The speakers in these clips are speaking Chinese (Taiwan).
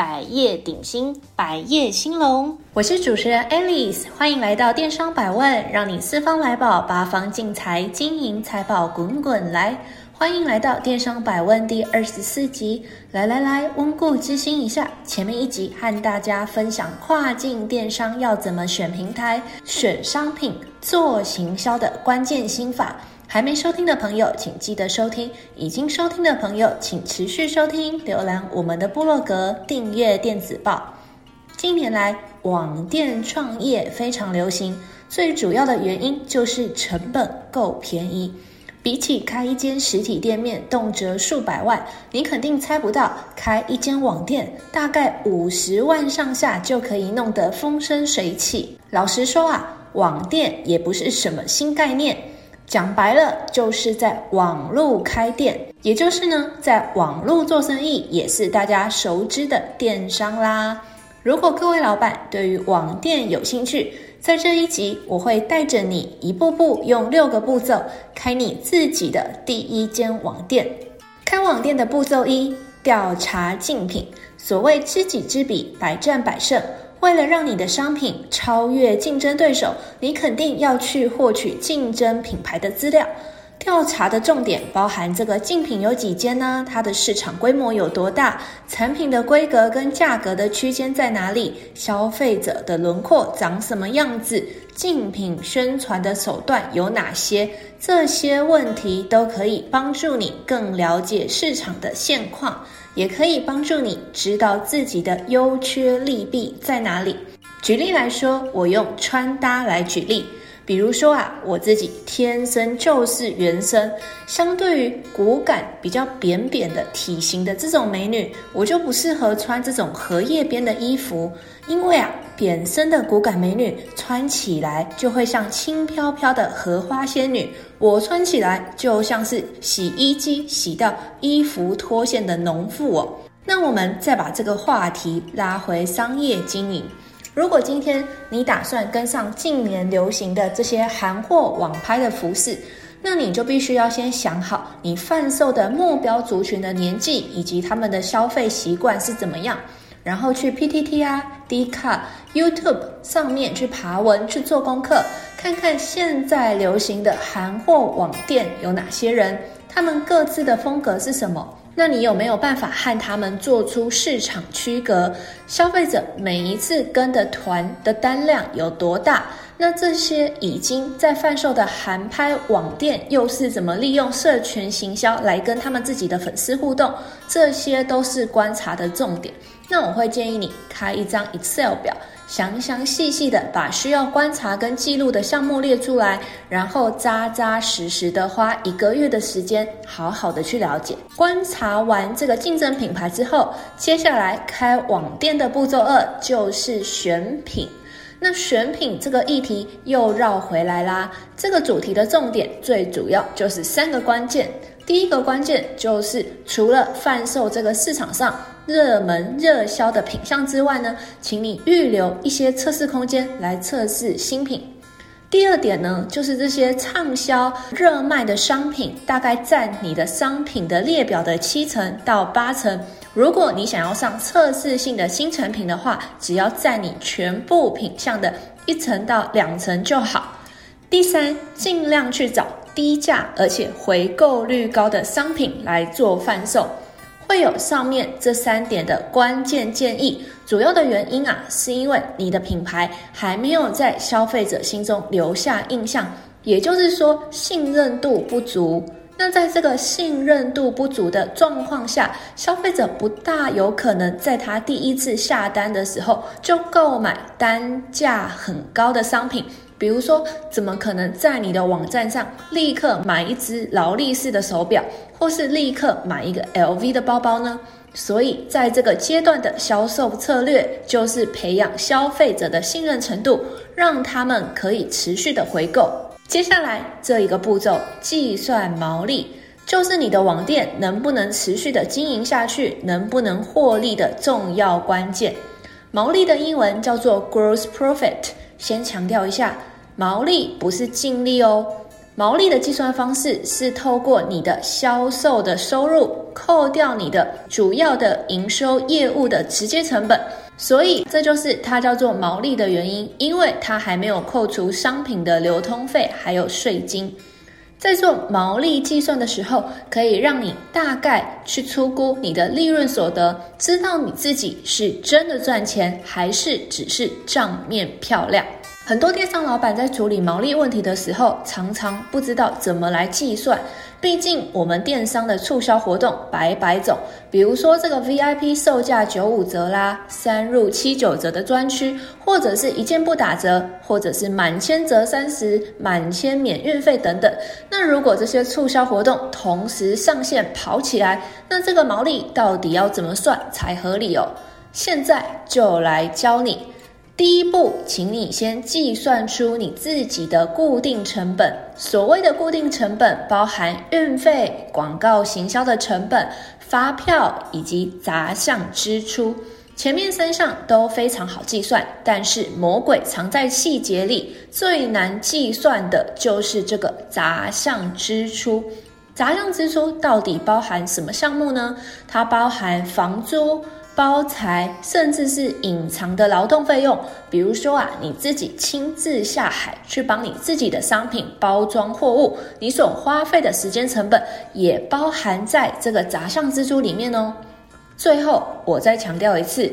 百業鼎新，百業興隆。我是主持人 Alice，歡迎來到電商百問，讓你四方來寶，八方進財，金銀財寶滾滾來。歡迎來到電商百問第二十四集，來來來，溫故知新一下前面一集，和大家分享跨境電商要怎麼選平台、選商品、做行銷的關鍵心法。還沒收聽的朋友，請記得收聽；已經收聽的朋友，請持續收聽。瀏覽我們的部落格，訂閱電子報。近年來，網店創業非常流行，最主要的原因就是成本夠便宜。比起開一間實體店面，動輒數百萬，你肯定猜不到，開一間網店大概五十萬上下就可以弄得風生水起。老實說啊，網店也不是什麼新概念。講白了，就是在網絡開店，也就是呢，在網絡做生意，也是大家熟知的電商啦。如果各位老闆對於網店有興趣，在這一集我會帶着你一步步用六個步驟開你自己的第一間網店。開網店的步驟一：調查競品。所謂知己知彼，百戰百勝。為了讓你的商品超越競爭對手，你肯定要去獲取競爭品牌的資料。調查的重點包含：這個競品有幾間呢？它的市場規模有多大？產品的規格跟價格的區間在哪裡？消費者的輪廓長什麼樣子？競品宣傳的手段有哪些？這些問題都可以幫助你更了解市場的現況。也可以幫助你知道自己的優缺利弊在哪裡。舉例來說，我用穿搭來舉例。比如說啊，我自己天生就是圓身，相對於骨感比較扁扁的體型的這種美女，我就不適合穿這種荷葉邊的衣服，因為啊，扁身的骨感美女穿起來就會像輕飄飄的荷花仙女，我穿起來就像是洗衣機洗到衣服脫線的農婦哦。那我們再把這個話題拉回商業經營。如果今天你打算跟上近年流行的這些韓貨網拍的服飾，那你就必須要先想好你販售的目標族群的年紀以及他們的消費習慣是怎麼樣，然後去 PTT 啊、Dcard、YouTube 上面去爬文去做功課，看看現在流行的韓貨網店有哪些人，他們各自的風格是什麼。那你有沒有辦法和他們做出市場區隔？消費者每一次跟的團的單量有多大？那這些已經在販售的韓拍網店又是怎麼利用社群行銷來跟他們自己的粉絲互動？這些都是觀察的重點。那我會建議你開一張 Excel 表，詳詳細細的把需要觀察跟記錄的項目列出來，然後扎扎實實的花一個月的時間，好好的去了解。觀察完這個競爭品牌之後，接下來開網店的步驟二就是選品。那選品這個議題又繞回來啦。這個主題的重點最主要就是三個關鍵。第一個關鍵就是，除了販售這個市場上熱門熱銷的品項之外呢，請你預留一些測試空間來測試新品。第二點呢，就是這些暢銷熱賣的商品大概佔你的商品的列表的七成到八成。如果你想要上測試性的新產品的話，只要佔你全部品項的一成到兩成就好。第三，盡量去找。低價而且回購率高的商品來做販售，會有上面這三點的關鍵建議。主要的原因啊，是因為你的品牌還沒有在消費者心中留下印象，也就是說信任度不足。那在這個信任度不足的狀況下，消費者不大有可能在他第一次下單的時候就購買單價很高的商品。比如說，怎麼可能在你的網站上立刻買一隻勞力士的手錶，或是立刻買一個 LV 的包包呢？所以，在這個階段的銷售策略就是培養消費者的信任程度，讓他們可以持續的回購。接下來這一個步驟，計算毛利，就是你的網店能不能持續的經營下去，能不能獲利的重要關鍵。毛利的英文叫做 Gross Profit。先強調一下，毛利不是淨利哦。毛利的計算方式是透過你的銷售的收入扣掉你的主要的營收業務的直接成本，所以這就是它叫做毛利的原因，因為它還沒有扣除商品的流通費還有稅金。在做毛利計算的時候，可以讓你大概去粗估你的利潤所得，知道你自己是真的賺錢，還是只是賬面漂亮。很多電商老闆在處理毛利問題的時候，常常不知道怎麼來計算。畢竟我們電商的促銷活動百百種，比如說這個 VIP 售價九五折啦，三入七九折的專區，或者是一件不打折，或者是滿千折三十，滿千免運費等等。那如果這些促銷活動同時上線跑起來，那這個毛利到底要怎麼算才合理哦？現在就來教你。第一步，請你先計算出你自己的固定成本。所謂的固定成本，包含運費、廣告行銷的成本、發票以及雜項支出。前面三項都非常好計算，但是魔鬼藏在細節裡，最難計算的就是這個雜項支出。雜項支出到底包含什麼項目呢？它包含房租，包材，甚至是隱藏的勞動費用，比如說啊，你自己親自下海去幫你自己的商品包裝貨物，你所花費的時間成本也包含在這個雜項支出裡面哦。最後，我再強調一次，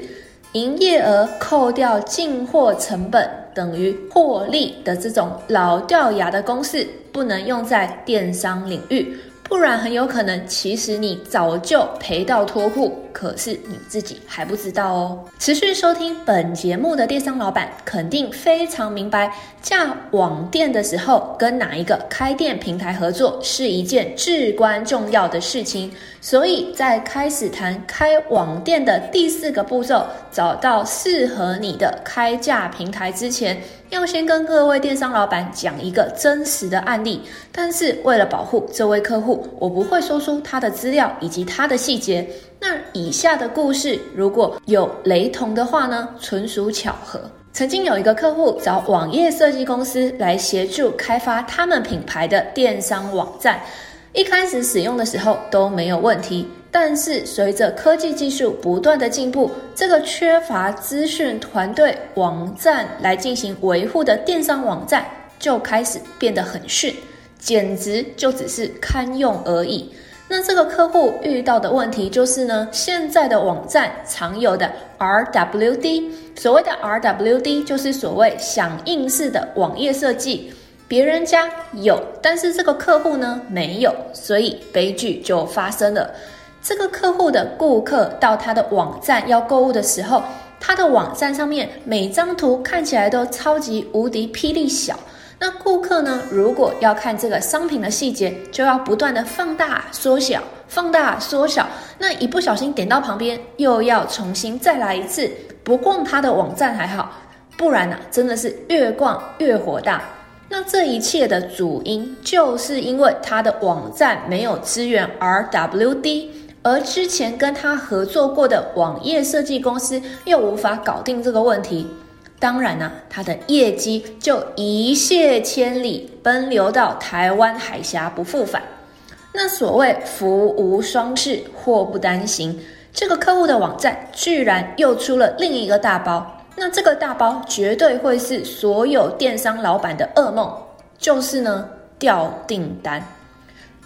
營業額扣掉進貨成本等於獲利的這種老掉牙的公式，不能用在電商領域。不然很有可能，其實你早就賠到脫褲，可是你自己還不知道哦。持續收聽本節目的電商老闆，肯定非常明白，架網店的時候跟哪一個開店平台合作是一件至關重要的事情。所以在開始談開網店的第四個步驟，找到適合你的開價平台之前，要先跟各位電商老闆講一個真實的案例，但是為了保護這位客戶，我不會說出他的資料以及他的細節。那以下的故事如果有雷同的話呢，純屬巧合。曾經有一個客戶找網頁設計公司來協助開發他們品牌的電商網站，一開始使用的時候都沒有問題。但是，隨着科技技術不斷的進步，這個缺乏資訊團隊網站來進行維護的電商網站就開始變得很遜，簡直就只是堪用而已。那這個客戶遇到的問題就是呢，現在的網站常有的 RWD，所謂的 RWD 就是所謂響應式的網頁設計，別人家有，但是這個客戶呢沒有，所以悲劇就發生了。這個客戶的顧客到他的網站要購物的時候，他的網站上面每張圖看起來都超級無敵霹靂小。那顧客呢，如果要看這個商品的細節，就要不斷地放大、縮小、放大、縮小。那一不小心點到旁邊，又要重新再來一次。不逛他的網站還好，不然呢、啊，真的是越逛越火大。那這一切的主因，就是因為他的網站沒有支援 RWD。而之前跟他合作過的網頁設計公司又無法搞定這個問題，當然呢，啊，他的業績就一瀉千里，奔流到台灣海峽不復返。那所謂福無雙至，禍不單行，這個客戶的網站居然又出了另一個大包，那這個大包絕對會是所有電商老板的噩夢，就是呢掉訂單。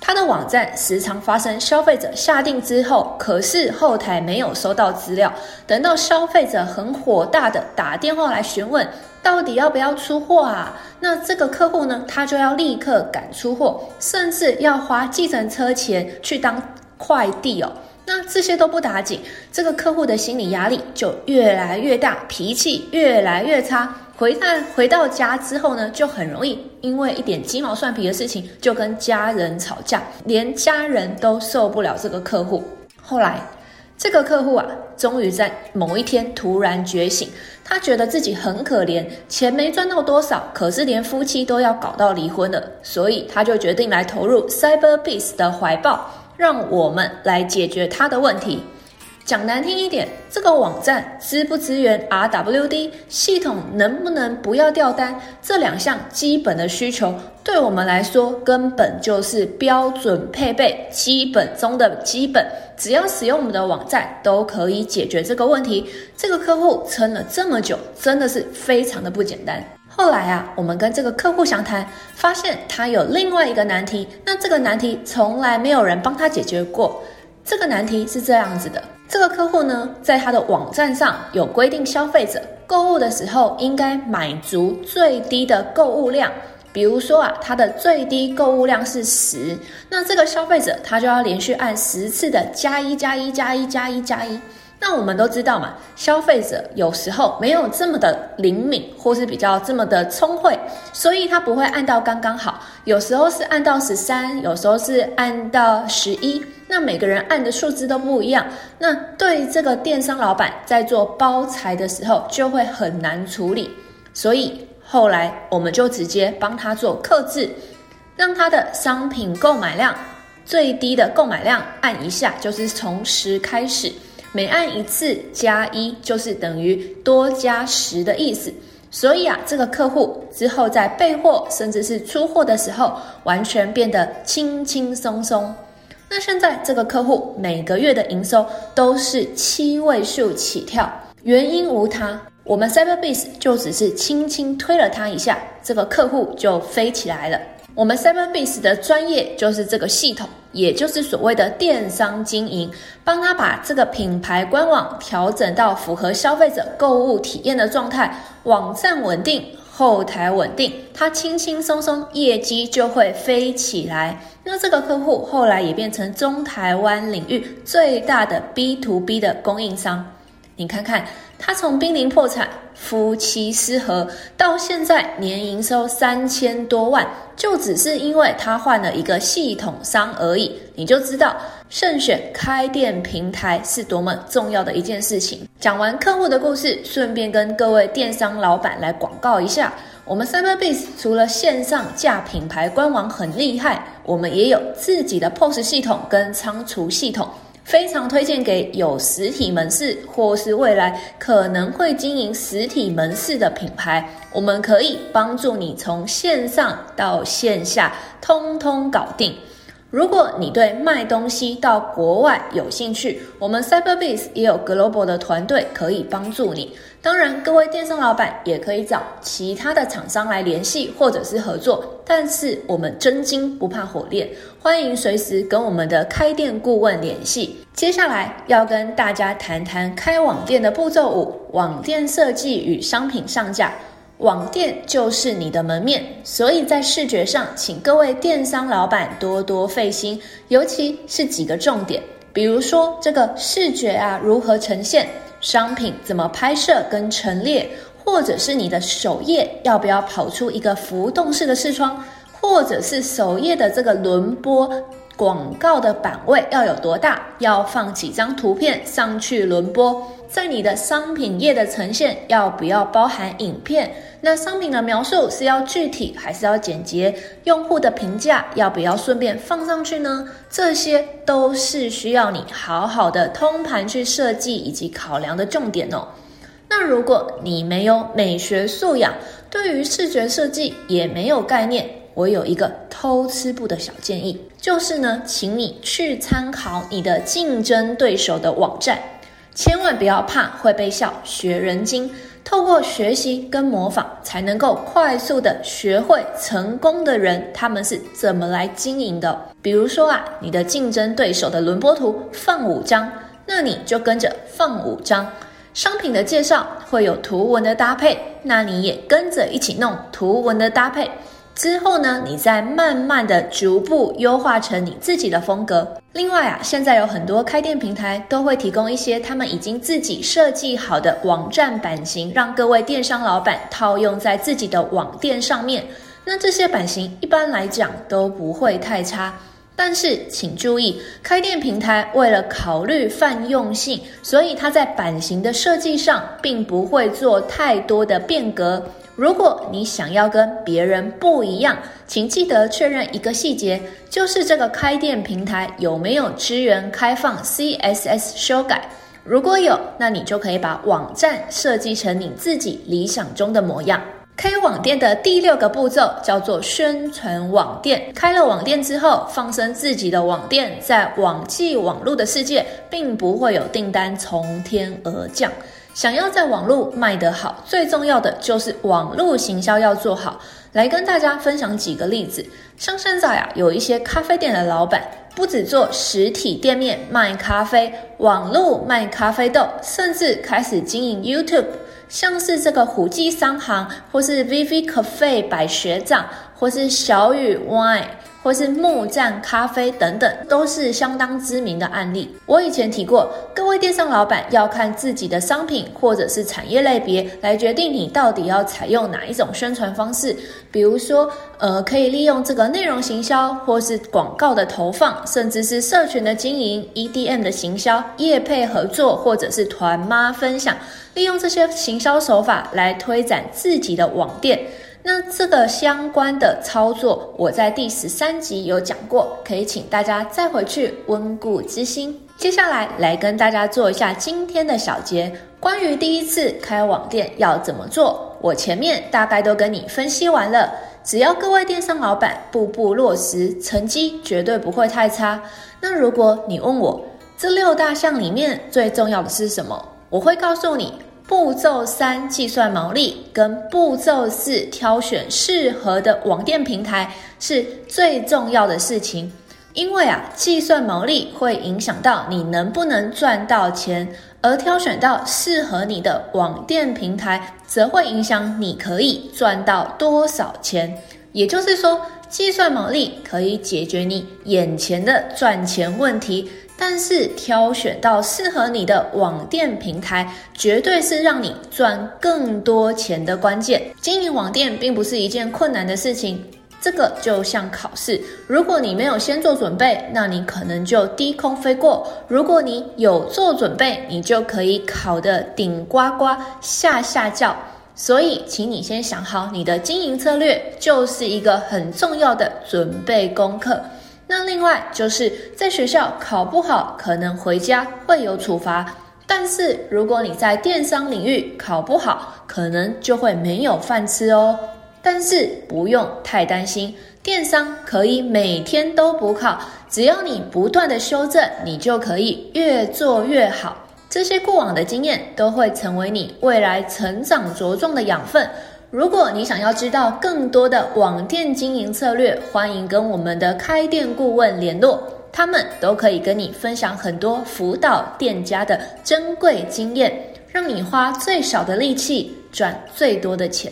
他的網站時常發生消費者下訂之後，可是後台沒有收到資料，等到消費者很火大的打電話來詢問，到底要不要出貨啊？那這個客戶呢，他就要立刻趕出貨，甚至要花計程車錢去當快遞哦。那這些都不打緊，這個客戶的心理壓力就越來越大，脾氣越來越差。回但回到家之後呢，就很容易因為一點雞毛蒜皮的事情就跟家人吵架，連家人都受不了這個客戶。後來，這個客戶啊，終於在某一天突然覺醒，他覺得自己很可憐，錢沒賺到多少，可是連夫妻都要搞到離婚了，所以他就決定來投入 Cyberbiz 的懷抱，讓我們來解決他的問題。講難聽一點，這個網站支不支援 RWD 系統，能不能不要掉單，這兩項基本的需求，對我們來說根本就是標準配備，基本中的基本，只要使用我們的網站都可以解決這個問題。這個客戶撐了這麼久，真的是非常的不簡單。後來啊，我們跟這個客戶詳談，發現他有另外一個難題，那這個難題從來沒有人幫他解決過。這個難題是這樣子的。這個客戶呢，在他的網站上有規定，消費者購物的時候應該滿足最低的購物量。比如說啊，他的最低購物量是十，那這個消費者他就要連續按十次的加一、加一、加一、加一、加一。那我們都知道嘛，消費者有時候沒有這麼的靈敏，或是比較這麼的聰慧，所以他不會按到剛剛好，有時候是按到十三，有時候是按到十一。那每個人按的數字都不一樣，那對這個電商老板在做包材的時候就會很難處理，所以後來我們就直接幫他做客製，讓他的商品購買量最低的購買量按一下就是從十開始，每按一次加一，就是等於多加十的意思。所以啊，這個客戶之後在備貨甚至是出貨的時候，完全變得輕輕鬆鬆。那現在這個客戶每個月的營收都是七位數起跳，原因無他，我們 Cyberbiz 就只是輕輕推了他一下，這個客戶就飛起來了。我們 Cyberbiz 的專業就是這個系統，也就是所謂的電商經營，幫他把這個品牌官網調整到符合消費者購物體驗的狀態，網站穩定，後台穩定，他輕輕鬆鬆業績就會飛起來。那這個客戶後來也變成中台灣領域最大的 B to B 的供應商。你看看他從瀕臨破產、夫妻失和，到現在年營收三千多萬，就只是因為他換了一個系統商而已。你就知道，慎選開店平台是多麼重要的一件事情。講完客戶的故事，順便跟各位電商老板來廣告一下，我們 CYBERBIZ 除了線上架品牌官網很厲害。我們也有自己的 POS 系統跟倉儲系統，非常推薦給有實體門市，或是未來可能會經營實體門市的品牌。我們可以幫助你從線上到線下，通通搞定。如果你對賣東西到國外有興趣，我們 Cyberbiz 也有 Global 的團隊可以幫助你。當然，各位電商老闆也可以找其他的廠商來聯繫或者是合作。但是我們真金不怕火煉，歡迎隨時跟我們的開店顧問聯繫。接下來要跟大家談談開網店的步驟五：網店設計與商品上架。網店就是你的門面，所以在視覺上，請各位電商老闆多多費心，尤其是幾個重點，比如說這個視覺啊，如何呈現？商品怎麼拍攝跟陳列，或者是你的首頁要不要跑出一個浮動式的視窗，或者是首頁的這個輪播。廣告的版位要有多大？要放幾張圖片上去輪播？在你的商品頁的呈現要不要包含影片？那商品的描述是要具體還是要簡潔？用戶的評價要不要順便放上去呢？這些都是需要你好好的通盤去設計以及考量的重點哦。那如果你沒有美學素養，對於視覺設計也沒有概念。我有一個偷吃步的小建議，就是呢，請你去參考你的競爭對手的網站，千萬不要怕會被笑學人精。透過學習跟模仿，才能夠快速地學會成功的人，他們是怎麼來經營的。比如說啊，你的競爭對手的輪播圖放五張，那你就跟着放五張。商品的介紹會有圖文的搭配，那你也跟着一起弄圖文的搭配。之後呢，你再慢慢地逐步優化成你自己的風格。另外啊，現在有很多開店平台都會提供一些他們已經自己設計好的網站版型，讓各位電商老板套用在自己的網店上面。那這些版型一般來講都不會太差，但是請注意，開店平台為了考慮泛用性，所以它在版型的設計上並不會做太多的變革。如果你想要跟別人不一樣，請記得確認一個細節，就是這個開店平台有沒有支援開放 CSS 修改。如果有，那你就可以把網站設計成你自己理想中的模樣。開網店的第六個步驟叫做宣傳網店。開了網店之後，放生自己的網店在網際網路的世界，並不會有訂單從天而降。想要在網絡賣得好，最重要的就是網絡行銷要做好。來跟大家分享幾個例子，像現在呀，有一些咖啡店的老板，不只做實體店面賣咖啡，網絡賣咖啡豆，甚至開始經營 YouTube，像是這個虎記商行，或是 VV Cafe 擺學長，或是小雨 Wine。或是木棧咖啡等等，都是相當知名的案例。我以前提過，各位電商老板要看自己的商品或者是產業類別，來決定你到底要採用哪一種宣傳方式。比如說，呃，可以利用這個內容行銷，或是廣告的投放，甚至是社群的經營、EDM 的行銷、業配合作，或者是團媽分享，利用這些行銷手法來推展自己的網店。那這個相關的操作，我在第十三集有講過，可以請大家再回去溫故知新。接下來來跟大家做一下今天的小結，關於第一次開網店要怎麼做，我前面大概都跟你分析完了，只要各位電商老板步步落實，成績絕對不會太差。那如果你問我這六大項裡面最重要的是什麼？我會告訴你。步驟三，計算毛利，跟步驟四，挑選適合的網店平台，是最重要的事情。因為啊，計算毛利會影響到你能不能賺到錢，而挑選到適合你的網店平台，則會影響你可以賺到多少錢。也就是說，計算毛利可以解決你眼前的賺錢問題，但是挑選到適合你的網店平台，絕對是讓你賺更多錢的關鍵。經營網店並不是一件困難的事情，這個就像考試，如果你沒有先做準備，那你可能就低空飛過；如果你有做準備，你就可以考得頂呱呱，下下叫。所以，請你先想好你的經營策略，就是一個很重要的準備功課。那另外就是在學校考不好，可能回家會有處罰。但是如果你在電商領域考不好，可能就會沒有飯吃哦。但是不用太擔心，電商可以每天都補考，只要你不斷的修正，你就可以越做越好。這些過往的經驗都會成為你未來成長茁壯的養分。如果你想要知道更多的網店經營策略，歡迎跟我們的開店顧問聯絡，他們都可以跟你分享很多輔導店家的珍貴經驗，讓你花最少的力氣賺最多的錢。